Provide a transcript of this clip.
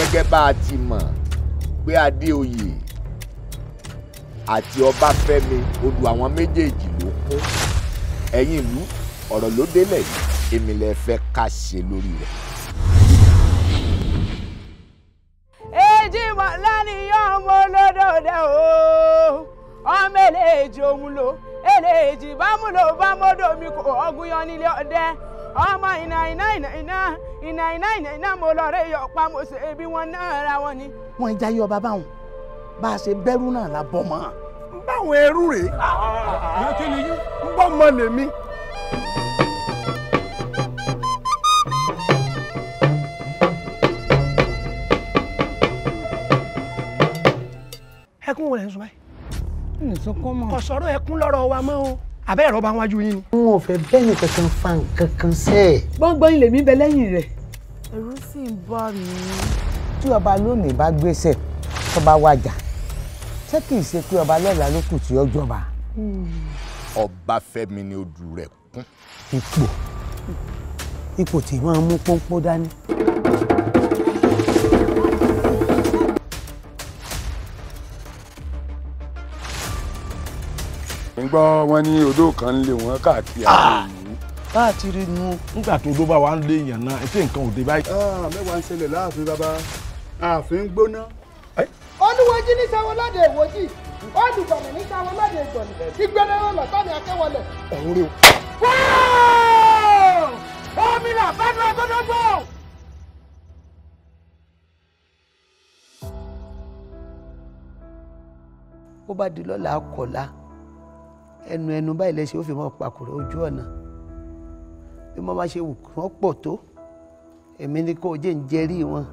gẹ́gẹ́ bá a ti mọ̀ pé adéoyè àti ọbáfẹ́mi odò àwọn méjèèjì ló kún ẹ̀yìn ìlú ọ̀rọ̀ ló délẹ̀ yìí èmi lè fẹ́ ká ṣe lórí rẹ̀. èjì mọ̀lá nìyọ́ ọmọ olódòdó o ọmọ eléèjì òun lo eléèjì bámúlò bámọ́dọ̀ mi kò ọgùn yan nílé ọdẹ ọmọ ìnà ìnà ìnà ìnà ìnà ìnà ìnà ìnà mo lọ rẹ yọ pa mo ṣe bí wọn náà ra wọn ni. wọn já yọ bàbá wọn bá a ṣe bẹ̀rù náà la bọ mọ. n báwọn ẹrú rèé n bọ́ mọ lèmi. ẹkún wo lẹ ń sọ báyìí. kò sọ̀rọ̀ ẹkún lọ́rọ̀ wa mọ́ o àbẹ́rẹ́ rọ́bà wájú yín ni. n ò fẹ́ bẹ́ẹ̀ni kankan fa nǹkan kan sẹ́. gbọ́ngbọ́n ilé mi bẹ lẹ́yìn rẹ̀. ẹ̀rù sì ń bà mí. tí ọba lónìí bá gbéṣẹ̀ tó bá wájà ṣé kì í ṣe pé ọba lọ́la ló kù tí ó jọba. Hmm. Ọbáfẹ́mi ni ojú rẹ̀ kún. ipò ipò tí máa mú pọ́npọ́n dání. ń gbọ́ wọn ní odó kan lé wọn káàkiri àwọn ah! ìlú. káàkiri nu nígbà tó odó bá wa ń lé èèyàn náà ètò nǹkan òde báyìí. Ah, mẹ́wàá ń ṣẹlẹ̀ láàfin bàbá ààfin gbóná. olúwojí ní sáwọn lóde ìwòjì olùgbọ̀nì ní sáwọn lóde ìgbọ̀nì ìgbẹ́lẹ́ ọ̀nà tọ́ni akẹ́wọlẹ̀. ọ̀hún rè o. omi là bá dúró gbọ́dọ̀ gbọ́. bó bá di lọ́la akọ̀la ẹnu ẹnu báyìí lẹ́sẹ̀ ó fi mọ́ pàkúrò ojú ọ̀nà bí wọ́n bá ṣe wù kí wọ́n pọ̀ tó èmi ni kò jẹ́ ń jẹ́rí wọn.